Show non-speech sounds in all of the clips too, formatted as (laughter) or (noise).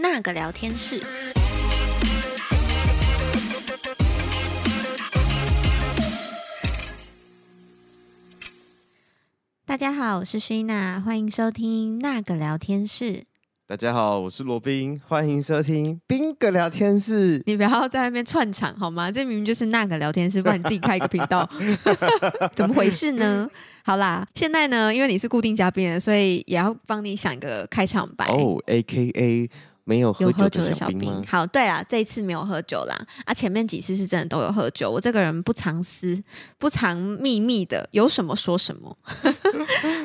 那個聊天室。大家好，我是 Sheena，歡迎收聽那個聊天室。大家好，我是羅賓，歡迎收聽賓個聊天室。你不要在外面串場好嗎？這明明就是那個聊天室，不然你自己開一個頻道， (laughs) (laughs) 怎麼回事呢？好啦，現在呢，因為你是固定嘉賓，所以也要幫你想一個開場白哦，A K A。Oh, 沒有喝酒的小兵嗎？有喝酒的小兵。好，對啊，這一次沒有喝酒啦。啊，前面幾次是真的都有喝酒。我這個人不藏私，不藏秘密的，有什麼說什麼。 (laughs)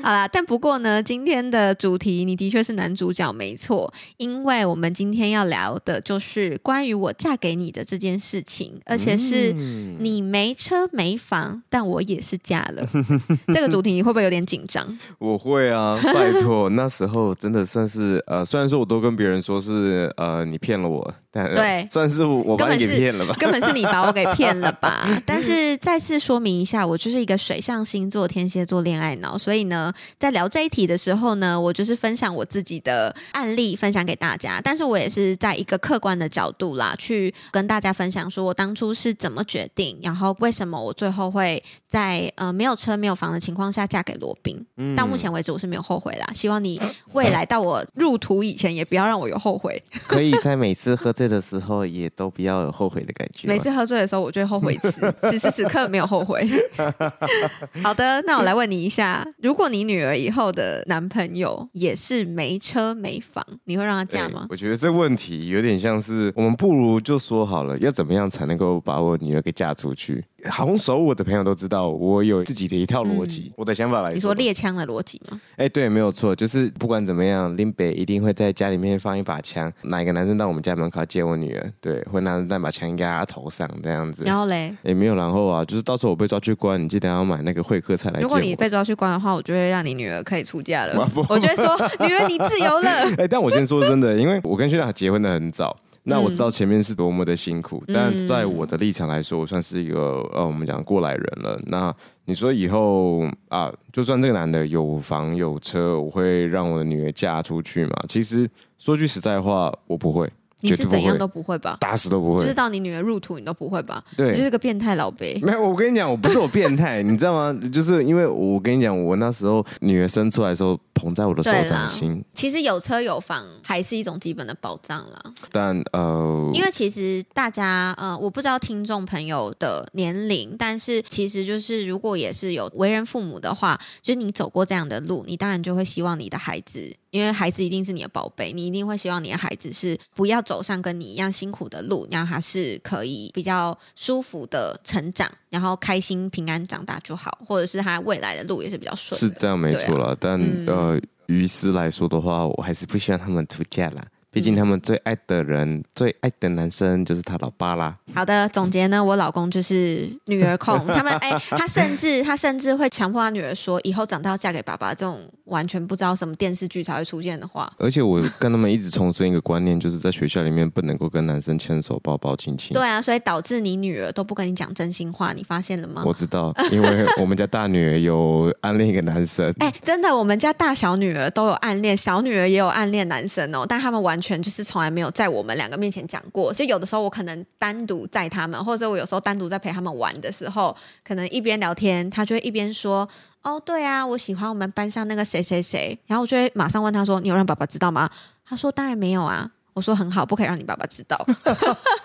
好啦，但不過呢，今天的主題你的確是男主角沒錯，因為我們今天要聊的就是關於我嫁給你的這件事情，而且是你沒車沒房，但我也是嫁了。 (laughs) 這個主題你會不會有點緊張？我會啊，拜託，那時候真的算是 (laughs) 呃，雖然說我都跟別人說是呃你騙了我，但、呃、對，算是我把你給騙了吧。根，根本是你把我給騙了吧。 (laughs) 但是再次說明一下，我就是一個水象星座天蠍座戀愛腦，所以呢。在聊這一題的時候呢，我就是分享我自己的案例，分享給大家。但是我也是在一個客觀的角度啦，去跟大家分享，說我當初是怎麼決定，然後為什麼我最後會在呃沒有車、沒有房的情況下嫁給羅賓。嗯，到目前為止，我是沒有後悔啦。希望你未來到我入土以前，也不要讓我有後悔。 (laughs) 可以在每次喝醉的時候，也都不要有後悔的感覺。每次喝醉的時候，我就會後悔一次。此時此刻沒有後悔。 (laughs) 好的，那我來問你一下，如果你女兒以後的男朋友也是沒車沒房，你會讓她嫁嗎？我覺得這問題有點像是，我們不如就說好了，要怎麼樣才能夠把我女兒給嫁出去。好熟，我的朋友都知道，我有自己的一套邏輯、嗯，我的想法來說。你說獵槍的邏輯嗎？哎、欸，對，沒有錯，就是不管怎麼樣，林北一定會在家裡面放一把槍。哪一個男生到我們家門口接我女兒，對，會拿着那把槍壓他頭上這樣子。然後嘞，也、欸、沒有然後啊，就是到時候我被抓去關，你記得要買那個會客菜來。如果你被抓去關的話，我就會讓你女兒可以出嫁了。我就會說， (laughs) 女兒你自由了。哎、欸，但我先說真的， (laughs) 因為我跟 Sheena 結婚得很早。那我知道前面是多麼的辛苦，嗯、但在我的立場來說，我算是一個呃、嗯哦，我們講過來人了。那你說以後啊，就算這個男的有房有車，我會讓我的女兒嫁出去嗎？其實說句實在話，我不會。你是怎樣都不會吧？打死都不會。知道你女兒入土，你都不會吧？對，你就是個變態老輩。沒有，我跟你講，我不是我變態， (laughs) 你知道嗎？就是因為我，我跟你講，我那時候女兒生出來的時候，捧在我的手掌心。其實有車有房還是一種基本的保障啦。但呃，因為其實大家呃，我不知道聽眾朋友的年齡，但是其實就是如果也是有為人父母的話，就是你走過這樣的路，你當然就會希望你的孩子。因為孩子一定是你的寶貝，你一定會希望你的孩子是不要走上跟你一樣辛苦的路，讓他是可以比較舒服的成長，然後開心、平安長大就好，或者是他未來的路也是比較順。是這樣沒錯了，啊、但呃，於私來說的話，我還是不希望他們出嫁啦。畢竟他們最愛的人，最愛的男生就是他老爸啦。好的，總結呢，我老公就是女兒控。他們哎、欸，他甚至他甚至會強迫他女兒說，以後長大要嫁給爸爸這種完全不知道什麼電視劇才會出現的話。而且我跟他們一直重申一個觀念，就是在學校裡面不能夠跟男生牽手、抱抱親親、親親。對啊，所以導致你女兒都不跟你講真心話，你發現了嗎？我知道，因為我們家大女兒有暗戀一個男生。哎、欸，真的，我們家大小女兒都有暗戀，小女兒也有暗戀男生哦、喔，但他們完全。全就是從來沒有在我們兩個面前講過，所以有的時候我可能單獨在他們，或者我有時候單獨在陪他們玩的時候，可能一邊聊天，他就會一邊說：“哦，對啊，我喜歡我們班上那個誰誰誰。”然後我就會馬上問他說：“你有讓爸爸知道嗎？”他說：“當然沒有啊。”我說：“很好，不可以讓你爸爸知道。” (laughs)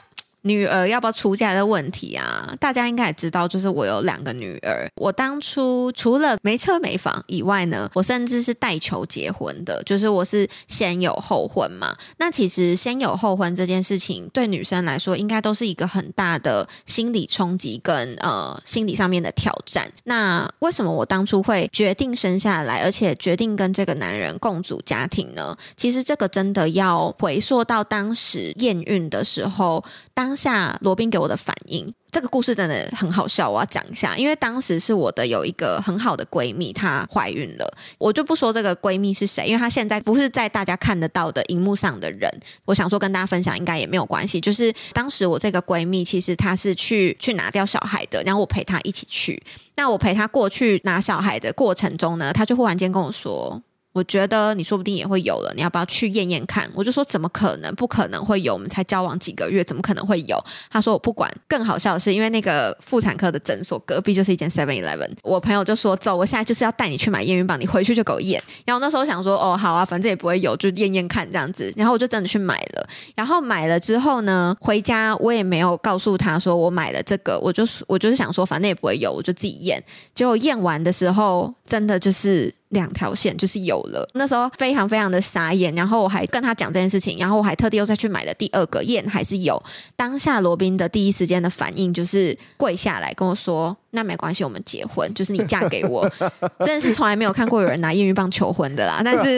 女兒要不要出嫁的問題啊？大家應該也知道，就是我有兩個女兒。我當初除了沒車沒房以外呢，我甚至是帶球結婚的，就是我是先有後婚嘛。那其實先有後婚這件事情，對女生來說，應該都是一個很大的心理衝擊跟呃心理上面的挑戰。那為什麼我當初會決定生下來，而且決定跟這個男人共組家庭呢？其實這個真的要回溯到當時驗孕的時候，當下羅賓給我的反應，這個故事真的很好笑，我要講一下。因為當時是我的有一個很好的閨蜜，她懷孕了，我就不說這個閨蜜是誰，因為她現在不是在大家看得到的熒幕上的人。我想說跟大家分享，應該也沒有關係。就是當時我這個閨蜜，其實她是去去拿掉小孩的，然後我陪她一起去。那我陪她過去拿小孩的過程中呢，她就忽然間跟我說。我覺得你說不定也會有了，你要不要去驗驗看？我就說怎麼可能？不可能會有，我們才交往幾個月，怎麼可能會有？他說我不管。更好笑的是，因為那個婦產科的診所隔壁就是一間 Seven Eleven，我朋友就說走，我現在就是要帶你去買驗孕棒，你回去就給我驗。然後我那時候想說哦好啊，反正也不會有，就驗驗看這樣子。然後我就真的去買了。然後買了之後呢，回家我也沒有告訴他說我買了這個，我就我就是想說反正也不會有，我就自己驗。結果驗完的時候。真的就是兩條線，就是有了。那時候非常非常的傻眼，然後我還跟他講這件事情，然後我還特地又再去買了第二個，驗還是有。當下羅賓的第一時間的反應就是，跪下來跟我說。那沒關係，我們結婚就是你嫁給我， (laughs) 真的是從來沒有看過有人拿驗孕棒求婚的啦。但是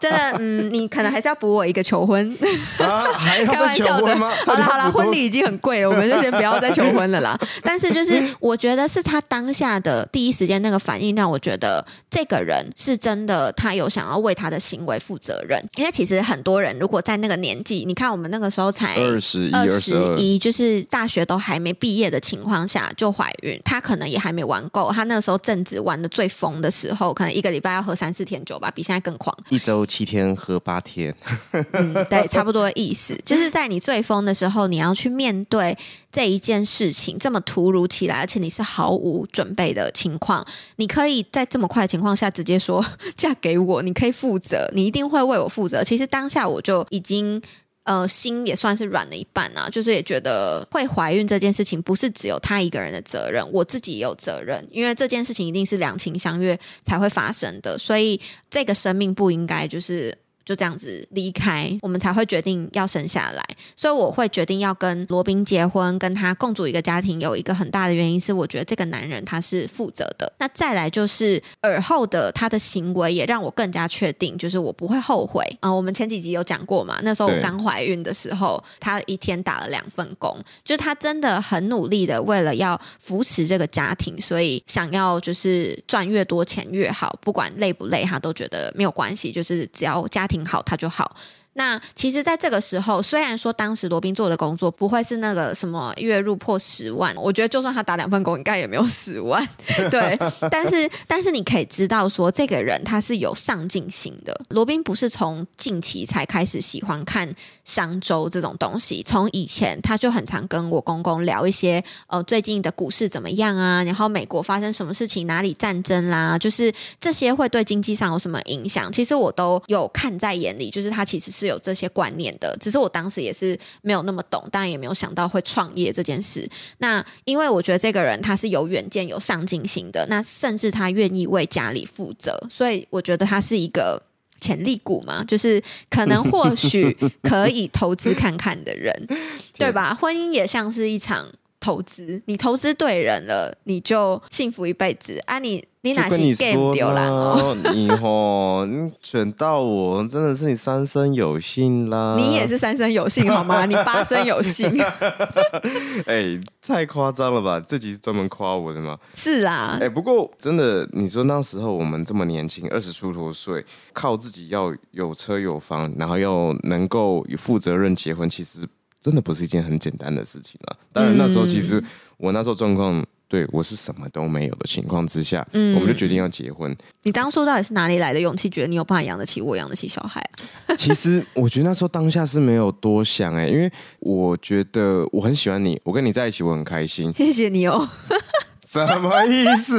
真的，嗯，你可能還是要補我一個求婚，啊、求婚 (laughs) 開玩笑的。好了好了，婚禮已經很貴了，我們就先不要再求婚了啦。 (laughs) 但是就是，我覺得是他當下的第一時間那個反應，讓我覺得這個人是真的，他有想要為他的行為負責任。因為其實很多人如果在那個年紀，你看我們那個時候才二十一，就是大學都還沒畢業的情況下就懷孕，他可。可能也還沒玩夠，他那個時候正值玩的最瘋的時候，可能一個禮拜要喝三四天酒吧，比現在更狂，一周七天喝八天， (laughs) 嗯，對，差不多的意思。就是在你最瘋的時候，你要去面對這一件事情這麼突如其來，而且你是毫無準備的情況，你可以在這麼快的情況下直接說嫁給我，你可以負責，你一定會為我負責。其實當下我就已經。呃，心也算是軟了一半啊，就是也覺得會懷孕這件事情不是只有他一個人的責任，我自己也有責任，因為這件事情一定是兩情相悅才會發生的，所以這個生命不應該就是。就這樣子離開，我們才會決定要生下來。所以我會決定要跟羅賓結婚，跟他共組一個家庭，有一個很大的原因是，我覺得這個男人他是負責的。那再來就是而後的他的行為，也讓我更加確定，就是我不會後悔。啊、呃，我們前幾集有講過嘛，那時候我剛懷孕的時候，他一天打了兩份工，就是他真的很努力的，為了要扶持這個家庭，所以想要就是賺越多錢越好，不管累不累，他都覺得沒有關係，就是只要家庭。很好，他就好。那其實，在這個時候，雖然說當時羅賓做的工作不會是那個什麼月入破十萬，我覺得就算他打兩份工，應該也沒有十萬。對， (laughs) 但是但是你可以知道說，這個人他是有上進心的。羅賓不是從近期才開始喜歡看商周這種東西，從以前他就很常跟我公公聊一些呃最近的股市怎麼樣啊，然後美國發生什麼事情，哪裡戰爭啦，就是這些會對經濟上有什麼影響，其實我都有看在眼裡，就是他其實是。有這些觀念的，只是我當時也是沒有那麼懂，當然也沒有想到會創業這件事。那因為我覺得這個人他是有遠見、有上進心的，那甚至他願意為家裡負責，所以我覺得他是一個潛力股嘛，就是可能或許可以投資看看的人， (laughs) 對吧？是婚姻也像是一場。投資，你投資對人了，你就幸福一輩子啊你！你你哪些 game 丟了？你哦， (laughs) 你選到我，真的是你三生有幸啦！你也是三生有幸好嗎？ (laughs) 你八生有幸。哎、 (laughs) 欸，太誇張了吧？自己是專門誇我的嗎？是啦。哎、欸，不過真的，你說那時候我們這麼年輕，二十出頭歲，靠自己要有車有房，然後要能夠負責任結婚，其實。真的不是一件很簡單的事情了、啊。當然那時候其實我那時候狀況對我是什麼都沒有的情況之下，嗯、我們就決定要結婚。你當初到底是哪裡來的勇氣，覺得你有辦法養得起我養得起小孩、啊？ (laughs) 其實我覺得那時候當下是沒有多想哎、欸，因為我覺得我很喜歡你，我跟你在一起我很開心。謝謝你哦。什麼意思？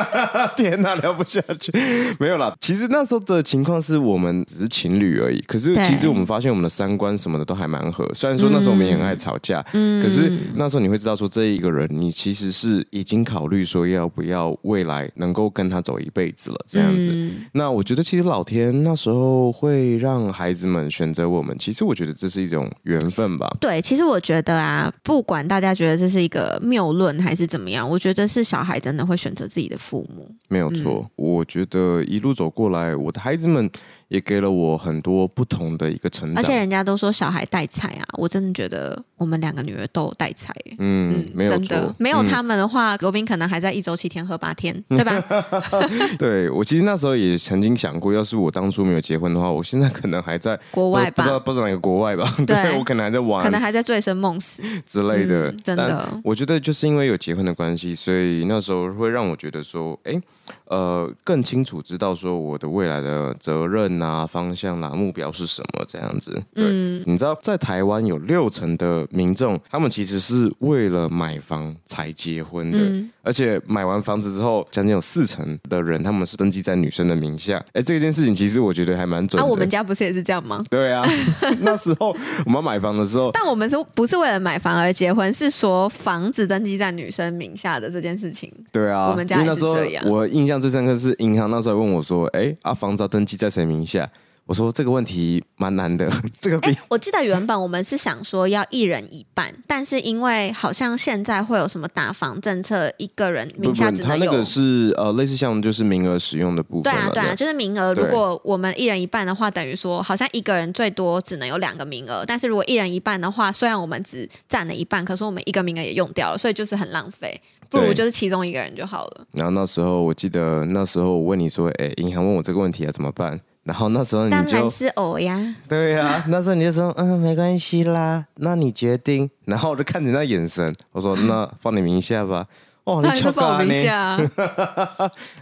(laughs) 天哪、啊，聊不下去。 (laughs) 沒有啦。其實那時候的情況是我們只是情侶而已。可是，其實我們發現我們的三觀什麼的都還蠻合。對雖然說那時候我們也很愛吵架，嗯，可是那時候你會知道說，這一個人你其實是已經考慮說要不要未來能夠跟他走一輩子了。這樣子。嗯、那我覺得其實老天那時候會讓孩子們選擇我們。其實我覺得這是一種緣分吧。對，其實我覺得啊，不管大家覺得這是一個謬論還是怎麼樣，我覺得。是小孩真的會選擇自己的父母，沒有錯。嗯、我覺得一路走過來，我的孩子們。也給了我很多不同的一個成長，而且人家都說小孩帶財啊，我真的覺得我們兩個女兒都有帶財、欸。嗯，沒有沒有他們的話，羅賓、嗯、可能還在一周七天喝八天，對吧？ (laughs) (laughs) 對我其實那時候也曾經想過，要是我當初沒有結婚的話，我現在可能還在國外吧，不知道不知道哪個國外吧？對, (laughs) 對，我可能還在玩，可能還在醉生夢死 (laughs) 之類的。嗯、真的，我覺得就是因為有結婚的關係，所以那時候會讓我覺得說，哎、欸。呃，更清楚知道說我的未來的責任吶、啊、方向啦、啊、目標是什麼這樣子。嗯，你知道在台灣有六成的民眾，他們其實是為了買房才結婚的，嗯、而且買完房子之後，將近有四成的人他們是登記在女生的名下。哎、欸，這件事情其實我覺得還蠻準的。那、啊、我們家不是也是這樣嗎？對啊， (laughs) (laughs) 那時候我們買房的時候，但我們不是為了買房而結婚？是說房子登記在女生名下的這件事情？對啊，我們家也是這樣。我印象。最深刻是銀行那時候問我說：“哎、欸，阿、啊、房子登記在誰名下？”我說這個問題蠻難的，這個病。我記得原本我們是想說要一人一半，但是因為好像現在會有什麼打房政策，一個人名下只能有。不不他那個是呃類似項目，就是名額使用的部分的。對啊，對啊，就是名額。如果我們一人一半的話，對等於說好像一個人最多只能有兩個名額，但是如果一人一半的話，雖然我們只占了一半，可是我們一個名額也用掉了，所以就是很浪費。不如就是其中一個人就好了。然後那時候我記得那時候我問你說：“誒，銀行問我這個問題啊，怎麼辦？”然後那時候你就是我呀，對呀、啊，啊、那時候你就說，嗯，沒關係啦，那你決定，然後我就看你那眼神，我說，那放你名下吧。 (laughs) 哦，你還是放我名下、啊。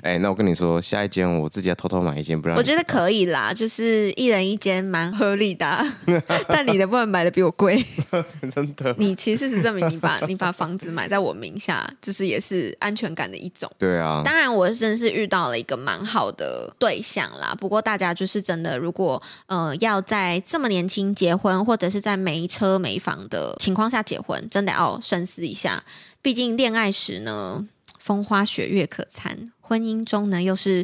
哎、 (laughs) 欸，那我跟你說，下一間我自己要偷偷買一間，不然我覺得可以啦，就是 (laughs) 一人一間，蠻合理的。但你能不能買的比我貴？ (laughs) 真的？你其實事實證明，你把你把房子買在我名下，就是也是安全感的一種。對啊。當然，我真是遇到了一個蠻好的對象啦。不過，大家就是真的，如果呃要在這麼年輕結婚，或者是在沒車沒房的情況下結婚，真的要深思一下。畢竟戀愛時呢，風花雪月可餐；婚姻中呢，又是，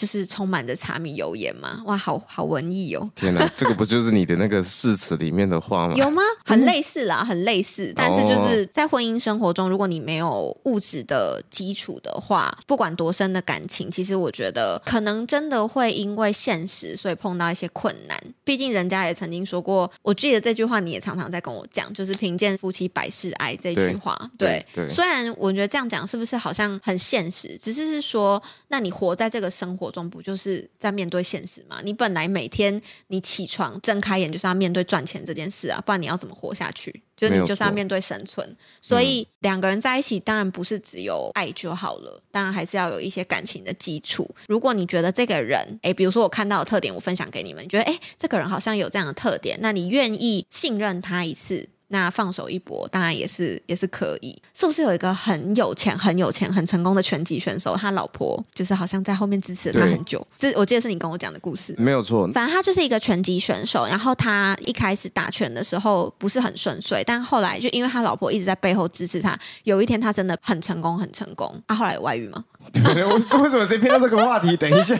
就是充滿着柴米油鹽嘛，哇，好好文藝哦！ (laughs) 天哪，這個不就是你的那個誓詞裡面的話嗎？ (laughs) 有嗎？很類似啦，很類似。但是就是在婚姻生活中，如果你沒有物質的基礎的話，不管多深的感情，其實我覺得可能真的會因為現實，所以碰到一些困難。畢竟人家也曾經說過，我記得這句話，你也常常在跟我講，就是“貧賤夫妻百事哀”這句話。對，對對，雖然我覺得這樣講是不是好像很現實？只是，是說，那你活在這個生活。中不就是在面對現實嗎？你本來每天你起床睜開眼就是要面對賺錢這件事啊，不然你要怎麼活下去？就你就是要面對生存。所以、嗯、兩個人在一起，當然不是只有愛就好了，當然還是要有一些感情的基礎。如果你覺得這個人，欸、比如說我看到的特點，我分享給你們，你覺得誒、欸，這個人好像有這樣的特點，那你願意信任他一次？那放手一搏，當然也是也是可以。是不是有一個很有錢、很有錢、很成功的拳擊選手？他老婆就是好像在後面支持他很久。對這我記得是你跟我講的故事，沒有錯。反正他就是一個拳擊選手，然後他一開始打拳的時候不是很順遂，但後來就因為他老婆一直在背後支持他，有一天他真的很成功，很成功。啊，後來有外遇嗎？對，我是為什麼誰偏到這個話題？ (laughs) 等一下，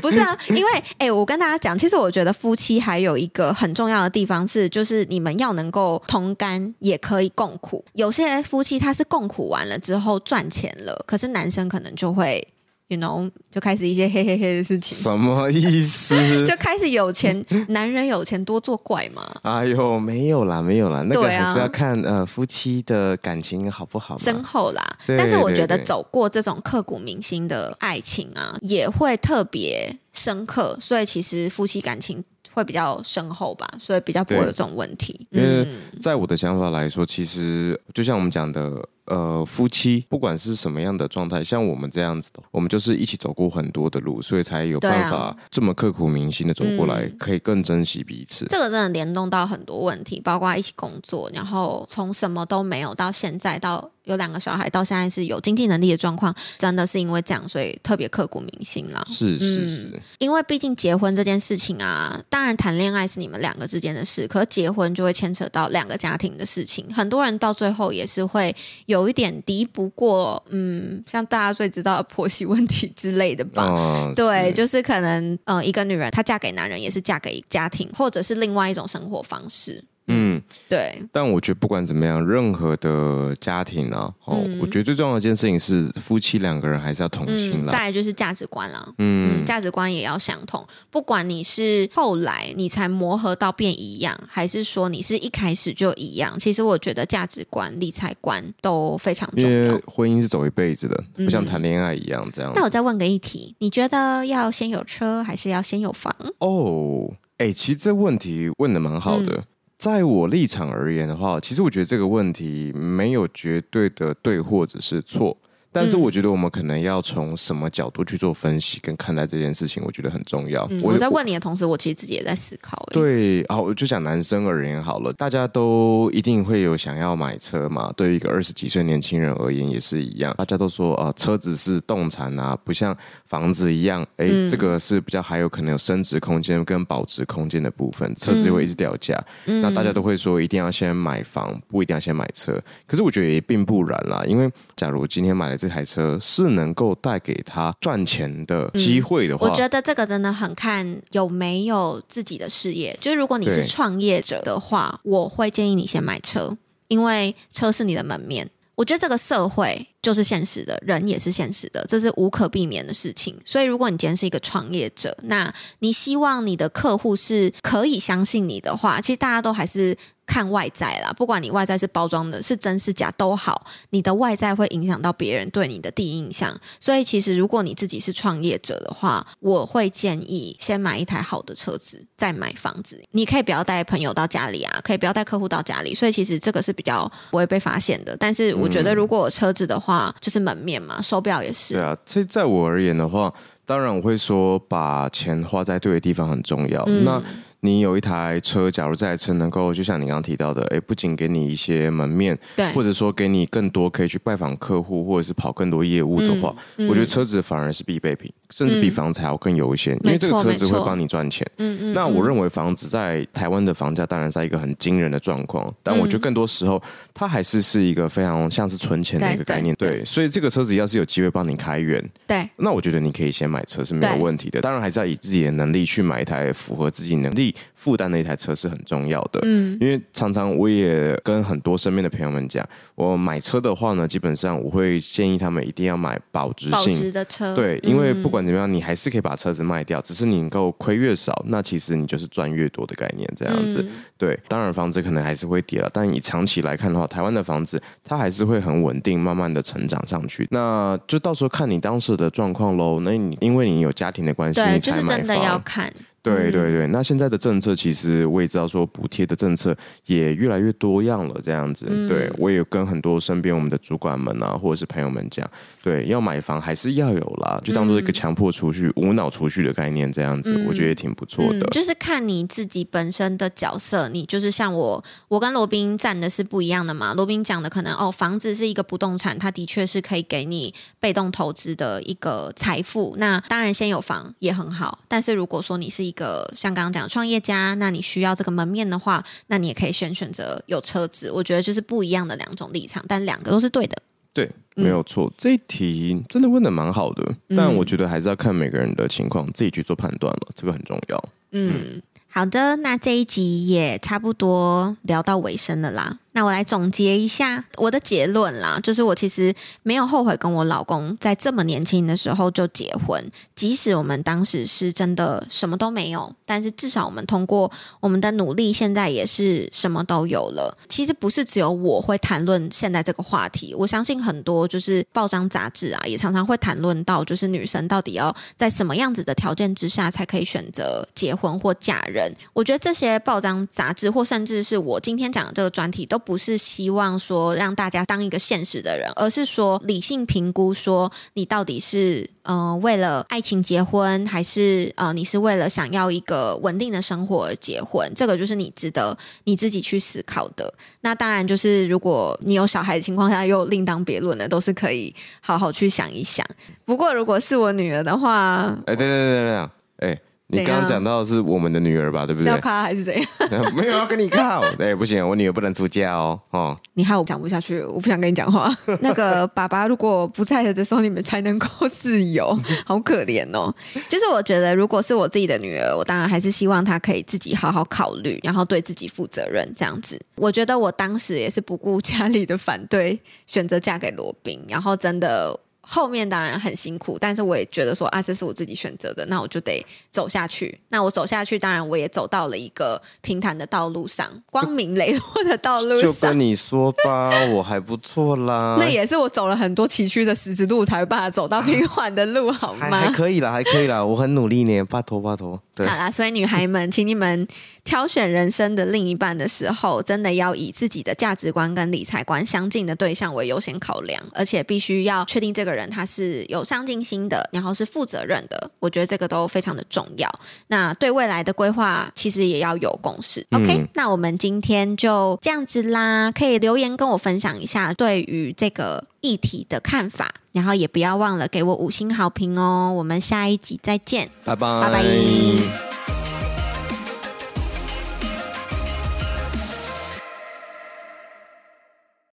不是啊，因為哎、欸，我跟大家講，其實我覺得夫妻還有一個很重要的地方是，就是你們要能夠同甘，也可以共苦。有些夫妻他是共苦完了之後賺錢了，可是男生可能就會。You know，就開始一些嘿嘿嘿的事情，什麼意思？ (laughs) 就開始有錢， (laughs) 男人有錢多作怪嘛？哎呦，沒有啦，沒有啦，那個還是要看、對啊、呃夫妻的感情好不好，深厚啦。對對對，但是我覺得走過這種刻骨銘心的愛情啊，也會特別深刻，所以其實夫妻感情會比較深厚吧，所以比較不會有這種問題。對嗯、因為在我的想法來說，其實就像我們講的。呃，夫妻不管是什麼樣的狀態，像我們這樣子，我們就是一起走過很多的路，所以才有辦法這麼刻骨銘心的走過來，啊嗯、可以更珍惜彼此。這個真的聯動到很多問題，包括一起工作，然後從什麼都沒有到現在到有兩個小孩，到現在是有經濟能力的狀況，真的是因為這樣，所以特別刻骨銘心了。是是是、嗯，因為畢竟結婚這件事情啊，當然談戀愛是你們兩個之間的事，可是結婚就會牽扯到兩個家庭的事情。很多人到最後也是會有。有一點敵不過，嗯，像大家最知道的婆媳問題之類的吧？哦、對，就是可能，呃，一個女人她嫁給男人，也是嫁給家庭，或者是另外一種生活方式。嗯，對。但我覺得不管怎麼樣，任何的家庭呢、啊，哦，嗯、我覺得最重要的一件事情是夫妻兩個人還是要同心、嗯、再來，就是價值觀了，嗯，價、嗯、值觀也要相同。不管你是後來你才磨合到變一樣，還是說你是一開始就一樣，其實我覺得價值觀、理財觀都非常重要。婚姻是走一輩子的，不像談戀愛一樣這樣、嗯。那我再問個議題，你覺得要先有車還是要先有房？哦，哎、欸，其實這問題問得蠻好的。嗯在我立場而言的話，其實我覺得這個問題沒有絕對的對或者是錯。但是我覺得我們可能要從什麼角度去做分析跟看待這件事情，我覺得很重要，嗯。我，我在問你的同時，我其實自己也在思考，欸。對，好，就講男生而言好了，大家都一定會有想要買車嘛？對於一個二十幾歲年輕人而言也是一樣。大家都說啊，車子是動產啊，不像房子一樣，哎，欸，嗯，這個是比較還有可能有升值空間跟保值空間的部分。車子會一直掉價，嗯，那大家都會說一定要先買房，不一定要先買車。可是我覺得也並不然啦，因為假如今天買了，這個這台車是能夠帶給他賺錢的機會的話，嗯，我覺得這個真的很看有沒有自己的事業。就是如果你是創業者的話，對我會建議你先買車，因為車是你的門面。我覺得這個社會。就是現實的，人也是現實的，這是無可避免的事情。所以，如果你今天是一個創業者，那你希望你的客戶是可以相信你的話，其實大家都還是看外在啦，不管你外在是包裝的是，是真是假都好，你的外在會影響到別人對你的第一印象。所以，其實如果你自己是創業者的話，我會建議先買一台好的車子，再買房子。你可以不要帶朋友到家裡啊，可以不要帶客戶到家裡，所以其實這個是比較不會被發現的。但是，我覺得如果車子的話，嗯啊，就是門面嘛，手表也是。對啊，這在我而言的話，當然我會說，把錢花在對的地方很重要。嗯、那。你有一台車，假如這台車能夠就像你剛剛提到的，哎、欸，不僅給你一些門面，對，或者說給你更多可以去拜訪客戶，或者是跑更多業務的話，嗯嗯、我覺得車子反而是必備品，甚至比房子還要更優先，嗯、因為這個車子會幫你賺錢。嗯嗯。那我認為房子在台灣的房價當然在一個很驚人的狀況，但我覺得更多時候它還是是一個非常像是存錢的一個概念。對對,對,對。所以這個車子要是有機會幫你開源，對，那我覺得你可以先買車是沒有問題的。對當然還是要以自己的能力去買一台符合自己能力。負擔的一台車是很重要的，嗯，因為常常我也跟很多身邊的朋友們講，我買車的話呢，基本上我會建議他們一定要買保值性，保值的車，對，嗯、因為不管怎麼樣，你還是可以把車子賣掉，只是你能夠虧越少，那其實你就是賺越多的概念，這樣子，嗯、對，當然房子可能還是會跌了，但你長期來看的話，台灣的房子它還是會很穩定，慢慢的成長上去，那就到時候看你當時的狀況嘍，那你因為你有家庭的關係，對，你才買房，就是真的要看。對對對，那現在的政策其實我也知道，說補貼的政策也越來越多樣了，這樣子。嗯、對我也跟很多身邊我們的主管們啊，或者是朋友們講，對，要買房還是要有啦，就當做一個強迫儲蓄、嗯、無腦儲蓄的概念，這樣子，嗯、我覺得也挺不錯的、嗯。就是看你自己本身的角色，你就是像我，我跟羅賓站的是不一樣的嘛。羅賓講的可能哦，房子是一個不動產，它的確是可以給你被動投資的一個財富。那當然，先有房也很好，但是如果說你是一。個像剛剛講創業家，那你需要這個門面的話，那你也可以選選擇有車子。我覺得就是不一樣的兩種立場，但兩個都是對的。對，嗯、沒有錯。這一題真的問的蠻好的，嗯、但我覺得還是要看每個人的情況自己去做判斷了，這個很重要。嗯，嗯好的，那這一集也差不多聊到尾聲了啦。那我來總結一下我的結論啦，就是我其實沒有後悔跟我老公在這麼年輕的時候就結婚，即使我們當時是真的什麼都沒有，但是至少我們通過我們的努力，現在也是什麼都有了。其實不是只有我會談論現在這個話題，我相信很多就是報章雜誌啊，也常常會談論到，就是女生到底要在什麼樣子的條件之下，才可以選擇結婚或嫁人。我覺得這些報章雜誌，或甚至是我今天講的這個專題，都不是希望說讓大家當一個現實的人，而是說理性評估，說你到底是嗯、呃、為了愛情結婚，還是呃你是為了想要一個穩定的生活而結婚？這個就是你值得你自己去思考的。那當然，就是如果你有小孩的情況下，又有另當別論的，都是可以好好去想一想。不過，如果是我女兒的話，哎，對對對對對，哎、欸。你剛剛講到是我們的女兒吧，樣對不對？要靠還是誰？沒有要跟你靠、哦，對、 (laughs) 欸、不行，我女兒不能出嫁哦。哦，你害我講不下去，我不想跟你講話。那個爸爸如果不在的時候，你們才能夠自由，好可憐哦。就是我覺得，如果是我自己的女兒，我當然還是希望她可以自己好好考慮，然後對自己負責任這樣子。我覺得我當時也是不顧家裡的反對，選擇嫁給羅賓，然後真的。後面當然很辛苦，但是我也覺得說啊，這是我自己選擇的，那我就得走下去。那我走下去，當然我也走到了一個平坦的道路上，光明磊落的道路上。就就跟你說吧， (laughs) 我還不錯啦。那也是我走了很多崎嶇的十字路，才把它走到平緩的路，啊、好嗎？還、還可以啦，還可以啦，我很努力呢，拜託拜託。對，好啦，所以女孩們， (laughs) 請你們。挑選人生的另一半的時候，真的要以自己的價值觀跟理財觀相近的對象為優先考量，而且必須要確定這個人他是有上進心的，然後是負責任的。我覺得這個都非常的重要。那對未來的規劃，其實也要有共識。嗯、OK，那我們今天就這樣子啦，可以留言跟我分享一下對於這個議題的看法，然後也不要忘了給我五星好評哦、喔。我們下一集再見，拜拜拜拜。拜拜。